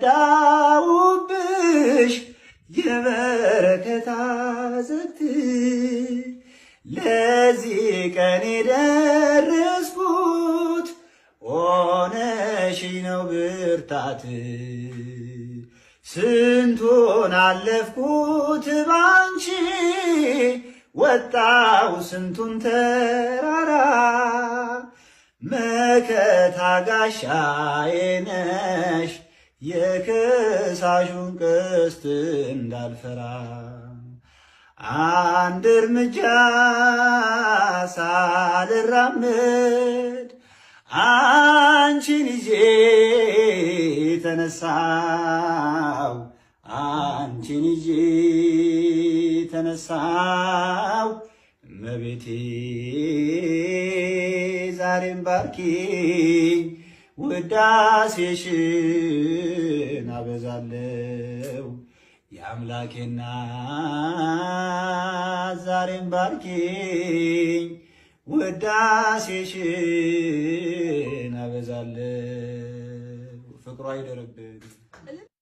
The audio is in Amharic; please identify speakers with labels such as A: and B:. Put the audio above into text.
A: ዘዳውብሽ የበረከታ ዘግት ለዚህ ቀን የደረስኩት ሆነሽ ነው ብርታት ስንቱን አለፍኩት ባንቺ ወጣው ስንቱን ተራራ መከታ ጋሻዬ ነሽ የከሳሹን ቀስት እንዳልፈራ አንድ እርምጃ ሳልራመድ አንቺን ይዤ ተነሳው አንቺን ይዤ ተነሳው መቤቴ ዛሬም ባርኪኝ ውዳሴሽን አበዛለው የአምላኬና ዛሬም ባርኪኝ ውዳሴሽን አበዛለው ፍቅሯ አይደርብን